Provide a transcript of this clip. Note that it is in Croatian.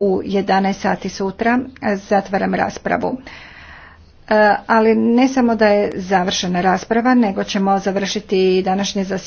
u 11 sati sutra zatvaram raspravu. E, ali ne samo da je završena rasprava, nego ćemo završiti i današnje zasjedanje.